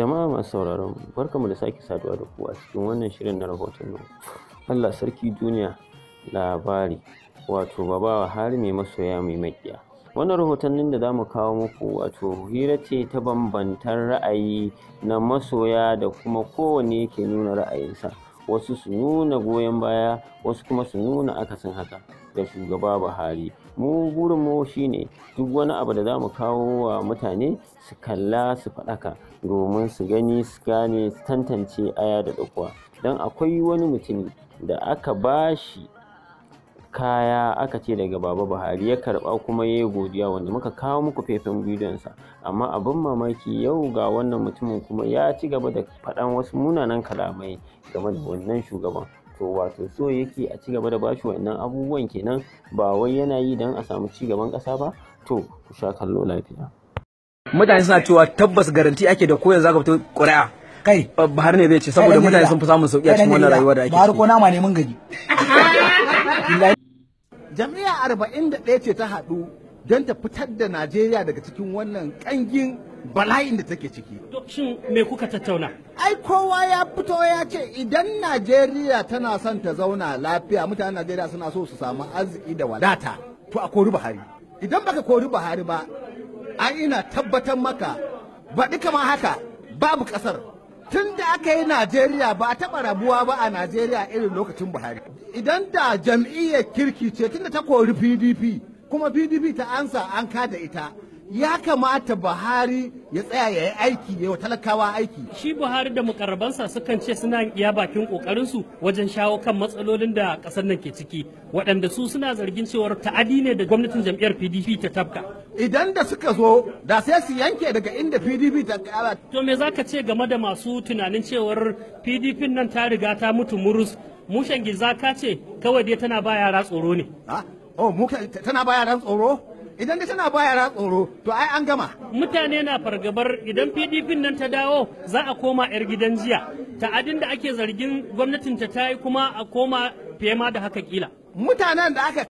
jama'a masu sauraron barkamu da sake saduwa da ku a cikin wannan shirin na rahoton nan allah sarki duniya labari wato babawa har mai masoya mai maƙiya wannan rahotannin da za mu kawo muku wato hira ce ta bambantan ra'ayi na masoya da kuma kowane yake nuna ra'ayinsa wasu su nuna goyon baya wasu kuma su nuna akasin haka ga shugaba buhari mu gurin mu shine duk wani abu da za mu kawo wa mutane su kalla su faɗaka domin su gani su gane su tantance aya da ɗaukuwa don akwai wani mutumi da aka ba shi kaya aka ce daga baba buhari ya karba kuma ya yi godiya wanda muka kawo muku faifin bidiyonsa amma abin mamaki yau ga wannan mutumin kuma ya ci gaba da faɗan wasu munanan kalamai game da wannan shugaban to wato so yake a ci gaba da bashi wannan abubuwan kenan ba wai yana yi don a samu ci gaban ƙasa ba to ku sha kallo lafiya mutane suna cewa tabbas garanti ake da koyar zaka fito ƙuri'a kai har ne zai ce saboda mutane sun fi samun sauki a cikin wannan rayuwa da ake ba ko nama ne mun gaji jami'a 41 ce ta haɗu don ta fitar da Najeriya daga cikin wannan kangin bala'in da take ciki. Shin me kuka tattauna? Ai kowa ya fito ya ce idan Najeriya tana son ta zauna lafiya mutanen Najeriya suna so su samu arziki da wadata to a kori Buhari. Idan baka kori Buhari ba an ina tabbatar maka baɗi ma haka babu ƙasar. Tun da aka yi Najeriya ba a taɓa rabuwa ba a Najeriya irin lokacin Buhari. Idan da jam'iyyar kirki ce tun da ta kori PDP kuma PDP ta ansa an kada ita ya kamata Buhari ya tsaya ya yi aiki ya wa talakawa aiki. Shi Buhari da mukarrabansa sukan ce suna iya bakin kokarinsu wajen shawo kan matsalolin da kasar nan ke ciki waɗanda su suna zargin cewar ta'adi ne da gwamnatin jam'iyyar PDP ta tabka. Idan da suka zo da sai su yanke daga inda PDP ta kara. To me zaka ce game da masu tunanin cewar PDP nan ta riga ta mutu murus mushen gizaka ce kawai dai tana ba yara tsoro ne. Ah, oh, tana ba yaran tsoro? idan da tana baya yara tsoro to ai an gama mutane na fargabar idan pdp nan ta dawo za a koma yar gidan jiya ta'adin da ake zargin gwamnatin ta tayi kuma a koma fema da haka kila mutanen da aka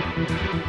Thank you.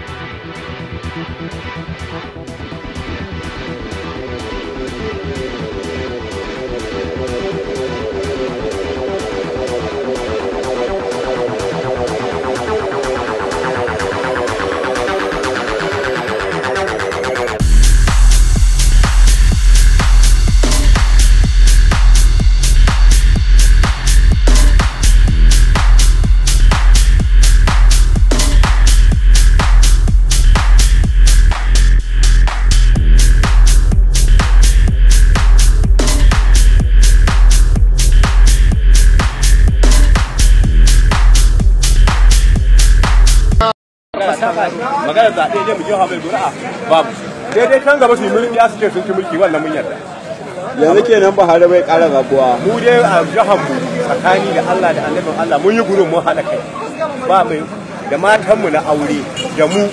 magana zaɓe ne mu jiha mai gura'a babu daidai can gaba su yi mulki ya suke sun ci mulki wannan mun yarda yanzu kenan Buhari bai ƙara zabuwa mu dai a jihar tsakani da Allah da annabin Allah mun yi gurin mun haɗa kai ba mai da matanmu na aure da mu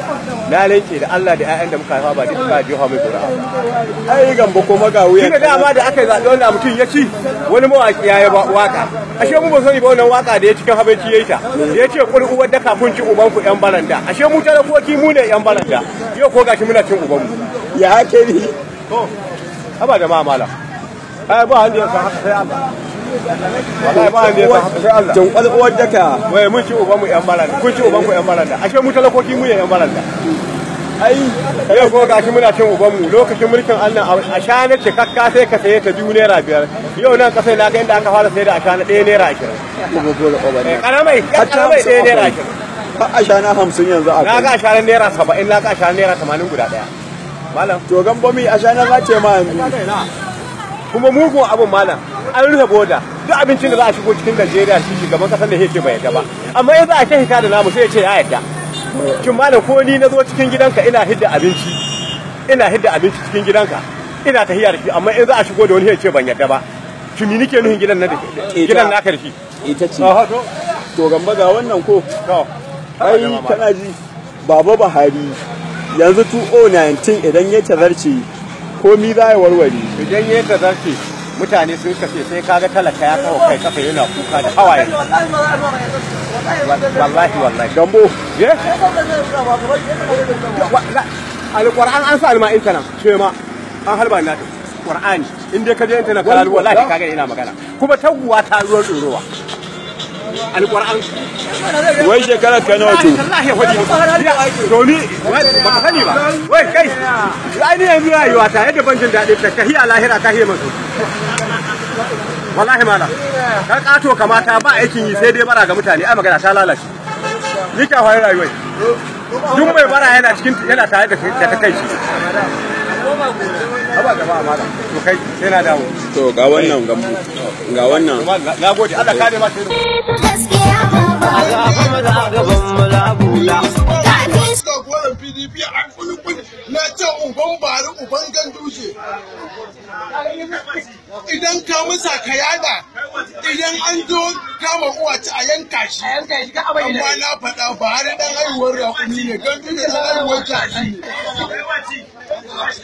na leke da Allah da ƴaƴan da muka haifa ba duka ji jefa mai gura ai gamba ko maga wuya kina dama da aka zaɓi wannan mutum ya ci wani mawaki ya yi waka ashe mu ba sani ba wannan waka da ya cikin habaici yayi ta ya ce kul uwar da kun ci uban ku ƴan baranda ashe mu talakoki mu ne ƴan baranda yau ko gashi muna cin uban mu ya hake ni to haba da ma ai ba hali ya haka sai Allah wallahi ba ne ka Allah jankwal uwar daka wai mun ci uban mu yan baranda kun ci uban ku yan baranda ashe mu talakoki mu yan baranda ai yau kuma gashi muna cin uban mu lokacin mulkin Allah a shana ta kakka sai ka saye ta biyu naira biyar yau nan kasai na ga inda aka fara sayar da a shana ɗaya naira ashirin karamai eh, karamai ɗaya naira ashirin a shana hamsin yanzu a na ga shana naira saba'in na ga shana naira tamanin guda daya. malam to gambomi a shana za ce ma yanzu kuma mugun abin malam an rufe boda duk abincin da za a shigo cikin najeriya shi shugaban kasar da ya ce bai yadda ba amma yanzu a kai hita da namu sai ya ce ya yadda kin malam ko ni na zo cikin gidanka ina hidda abinci ina hidda abinci cikin gidanka ina ta da shi amma yanzu a shigo da wani ya ce ban yadda ba kin ni nike nuhin gidan na da gidan na karfi ita ce to gamba ga wannan ko ai kana ji baba Buhari yanzu 2019 idan ya tazarce komi za a yi warware idan ya ka zarce mutane sun kafe sai kaga talaka ya kawo kai kafa yana kuka da hawaye wallahi wallahi gambo ye alquran an sa alma intana ce ma an halba na ta qur'ani in dai ka je intana ka wallahi kaga ina magana kuma taguwa ta ruwan ɗorowa alƙur'an wai shekara ka nawa to to ni ba ka sani ba wai kai ai ni yanzu واتا yadda ban jin daɗi ta kahiya lahira kahiya والله ما لا ka كما kamata ba aikin yi sai dai bara ga mutane ai magana ta lalace ni ka hoye rayuwa duk mai bara yana cikin yana tare da ta kai shi to kai sai na dawo to ga wannan gambu ga wannan na gode Allah ka ma sai a kulkul na ce uban bari idan ka musa ka yada idan an zo kama uwa a yanka shi amma na faɗa ba har dan haihuwar rakumi ne ganduje dan haihuwar jaki ne Gafa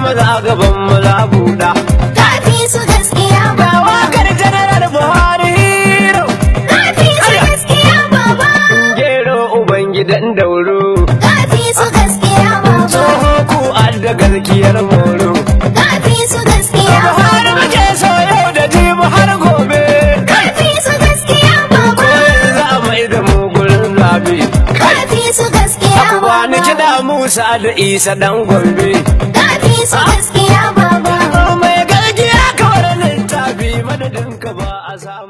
maza a gaban mu za buɗa. Kafi su gaskiya ba wakar janaral Buhari hero. Kafi gaskiya ba ba. Gero ubangidan dauro. Musa da Isa dan Gombe. Na su gaskiya baba. Mai gargiya kawar littafi madadin ka ba a